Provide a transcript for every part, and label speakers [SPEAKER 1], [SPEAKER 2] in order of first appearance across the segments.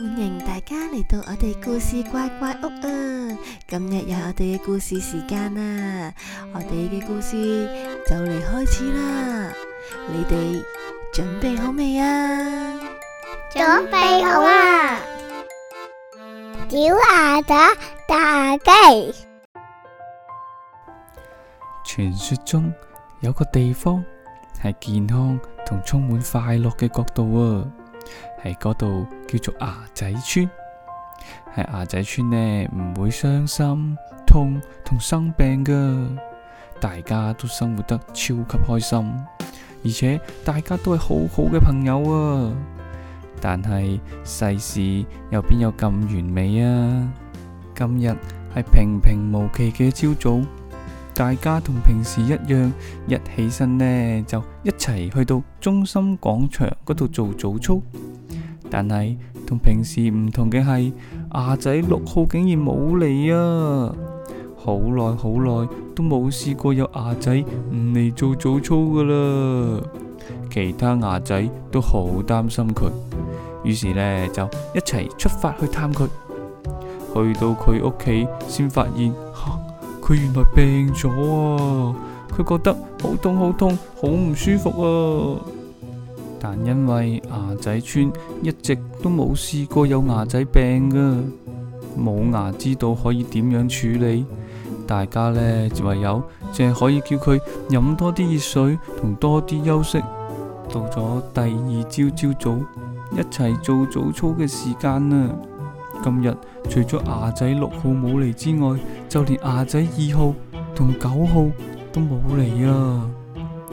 [SPEAKER 1] 歡迎大家嚟到我哋故事乖乖屋啊！今日有我哋嘅故事時間啦，我哋嘅故事就嚟開始啦，你哋準備好未啊？準備好啦！小牙仔大危機。
[SPEAKER 2] 傳說中有個地方係健康同充滿快樂嘅國度啊！喺嗰度叫做牙仔村，喺牙仔村呢，唔會傷心痛同生病噶，大家都生活得超級開心，而且大家都係好好嘅朋友啊。但係世事又邊有咁完美啊？今日係平平無奇嘅朝早。大家同平時一樣，一起身呢，就一齊去到中心廣場嗰度做早操。但係同平時唔同嘅係，牙仔六號竟然冇嚟啊！好耐好耐都冇試過有牙仔唔嚟做早操㗎喇。其他牙仔都好擔心佢，於是呢，就一齊出發去探佢。去到佢屋企，先發現。佢原來病咗啊！佢覺得好痛好痛，好唔舒服啊！但因為牙仔村一直都冇試過有牙仔病噶，冇牙知道可以點樣處理。大家呢唯有淨係可以叫佢飲多啲熱水同多啲休息。到咗第二朝朝早，一齊做早操嘅時間啊。今日除咗牙仔六號冇嚟，之外，就連牙仔二號同九號都冇嚟啊！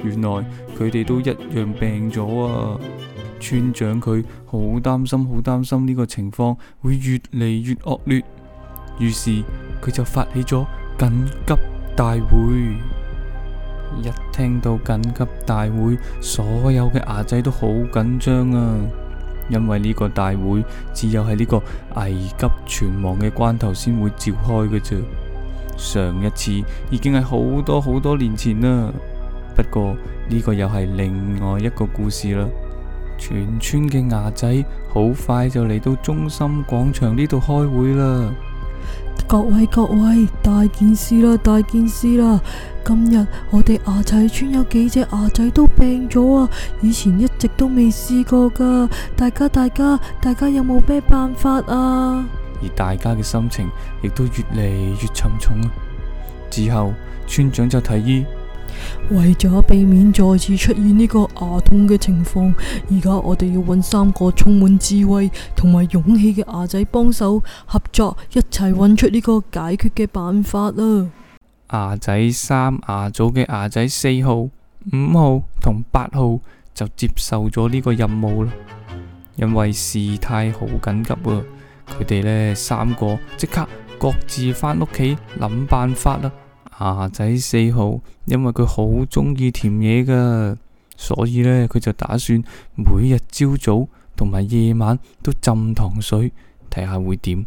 [SPEAKER 2] 原來佢哋都一樣病咗啊！村長佢好擔心，好擔心呢個情況會越嚟越惡劣，於是佢就發起咗緊急大會。一聽到緊急大會，所有嘅牙仔都好緊張啊！因為呢個大會只有喺呢個危急存亡嘅關頭先會召開嘅啫，上一次已經係好多好多年前啦。不過呢個又係另外一個故事啦。全村嘅牙仔好快就嚟到中心廣場呢度開會啦。
[SPEAKER 1] 各位各位，大件事啦，大件事啦！今日我哋牙仔村有幾隻牙仔都病咗啊！以前一直都未試過㗎，大家大家大家有冇咩辦法啊？
[SPEAKER 2] 而大家嘅心情亦都越嚟越沉重啊！之後村長就提議。
[SPEAKER 1] 為咗避免再次出現呢個牙痛嘅情況，而家我哋要揾三個充滿智慧同埋勇氣嘅牙仔幫手合作，一齊揾出呢個解決嘅辦法啦！
[SPEAKER 2] 牙仔三牙組嘅牙仔四號、五號同八號就接受咗呢個任務啦，因為事態好緊急啊！佢哋呢三個即刻各自返屋企諗辦法啦。牙仔四號，因為佢好中意甜嘢噶，所以呢，佢就打算每日朝早同埋夜晚都浸糖水，睇下會點。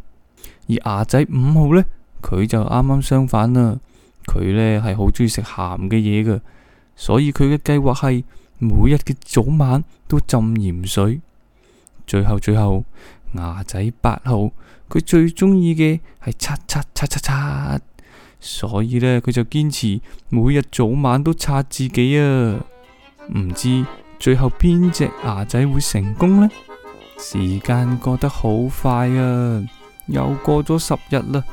[SPEAKER 2] 而牙仔五號呢，佢就啱啱相反啦，佢呢係好中意食鹹嘅嘢噶，所以佢嘅計劃係每日嘅早晚都浸鹽水。最後最後，牙仔八號，佢最中意嘅係擦擦擦擦擦。所以呢，佢就堅持每日早晚都刷自己啊！唔知最後邊隻牙仔會成功呢？時間過得好快啊，又過咗十日啦，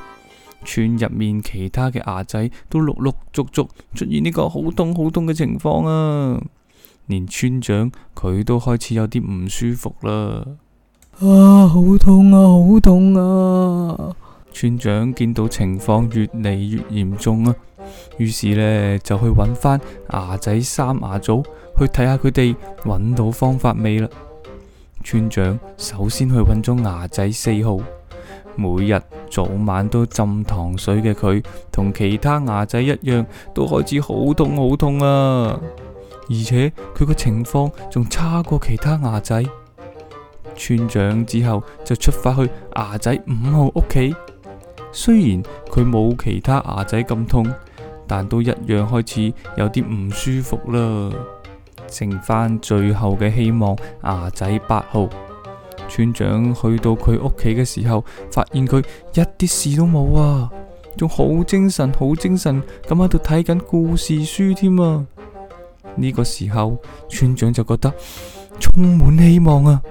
[SPEAKER 2] 村入面其他嘅牙仔都陸陸續續出現呢個好痛好痛嘅情況啊！連村長佢都開始有啲唔舒服啦，
[SPEAKER 1] 啊，好痛啊，好痛啊！
[SPEAKER 2] 村長見到情況越嚟越嚴重啊，於是呢，就去揾翻牙仔三牙組去睇下佢哋揾到方法未嘞。村長首先去揾咗牙仔四號，每日早晚都浸糖水嘅佢，同其他牙仔一樣都開始好痛好痛啊，而且佢個情況仲差過其他牙仔。村長之後就出發去牙仔五號屋企。雖然佢冇其他牙仔咁痛，但都一樣開始有啲唔舒服啦。剩翻，最後嘅希望，牙仔八號。村長去到佢屋企嘅時候，發現佢一啲事都冇啊，仲好精神，好精神，咁喺度睇緊故事書添啊。呢個時候，村長就覺得充滿希望啊，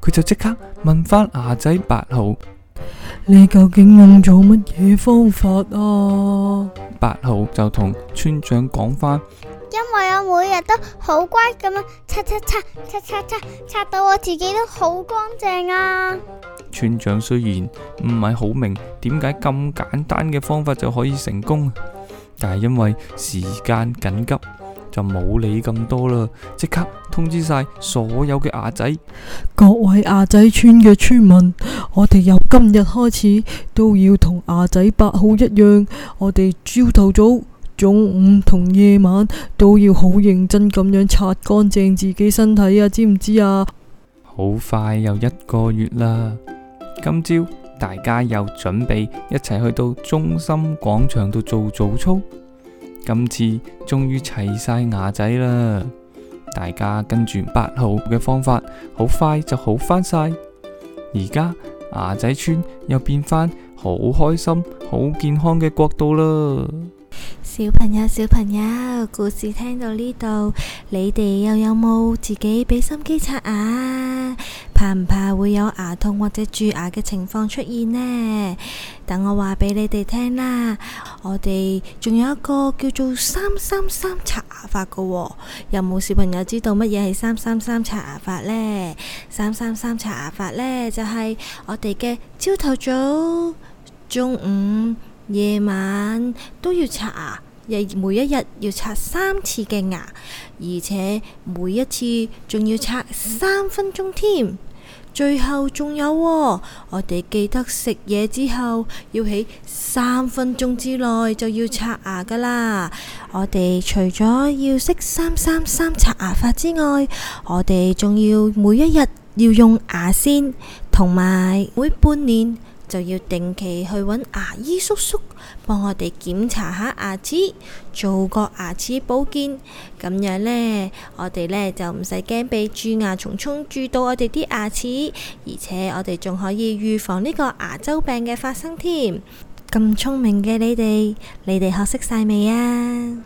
[SPEAKER 2] 佢就即刻問翻牙仔八號。
[SPEAKER 1] 你究竟用咗乜嘢方法啊？
[SPEAKER 2] 八號就同村長講翻，
[SPEAKER 1] 因為我每日都好乖咁樣刷刷刷，刷刷刷，刷到我自己都好乾淨啊！
[SPEAKER 2] 村長雖然唔係好明點解咁簡單嘅方法就可以成功，但係因為時間緊急。就冇理咁多啦，即刻通知晒所有嘅牙仔。
[SPEAKER 1] 各位牙仔村嘅村民，我哋由今日開始都要同牙仔八號一樣，我哋朝頭早、中午同夜晚都要好認真咁樣擦乾淨自己身體啊，知唔知啊？
[SPEAKER 2] 好快又一個月啦，今朝大家又準備一齊去到中心廣場度做早操。今次終於齊晒牙仔啦！大家跟住八號嘅方法，好快就好翻晒。而家牙仔村又變返好開心、好健康嘅國度啦！
[SPEAKER 1] 小朋友，小朋友，故事聽到呢度，你哋又有冇自己畀心機刷牙？怕唔怕會有牙痛或者蛀牙嘅情況出現呢？等我話畀你哋聽啦，我哋仲有一個叫做三三三刷牙法㗎喎，有冇小朋友知道乜嘢係三三三刷牙法呢？「三三三刷牙法呢，就係、是、我哋嘅朝頭早、中午。夜晚都要刷牙，日每一日要刷三次嘅牙，而且每一次仲要刷三分鐘添。最後仲有喔，我哋記得食嘢之後要喺三分鐘之內就要刷牙噶啦。我哋除咗要識三三三刷牙法之外，我哋仲要每一日要用牙線，同埋每半年。就要定期去搵牙醫叔叔幫我哋檢查下牙齒，做個牙齒保健，咁樣呢，我哋呢就唔使驚被蛀牙蟲蟲蛀到我哋啲牙齒，而且我哋仲可以預防呢個牙周病嘅發生添。咁聰明嘅你哋，你哋學識晒未啊？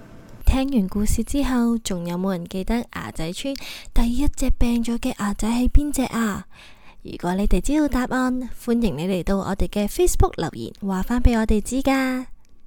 [SPEAKER 1] 聽完故事之後，仲有冇人記得牙仔村第一隻病咗嘅牙仔係邊隻啊？如果你哋知道答案，歡迎你嚟到我哋嘅 Facebook 留言，話翻畀我哋知㗎。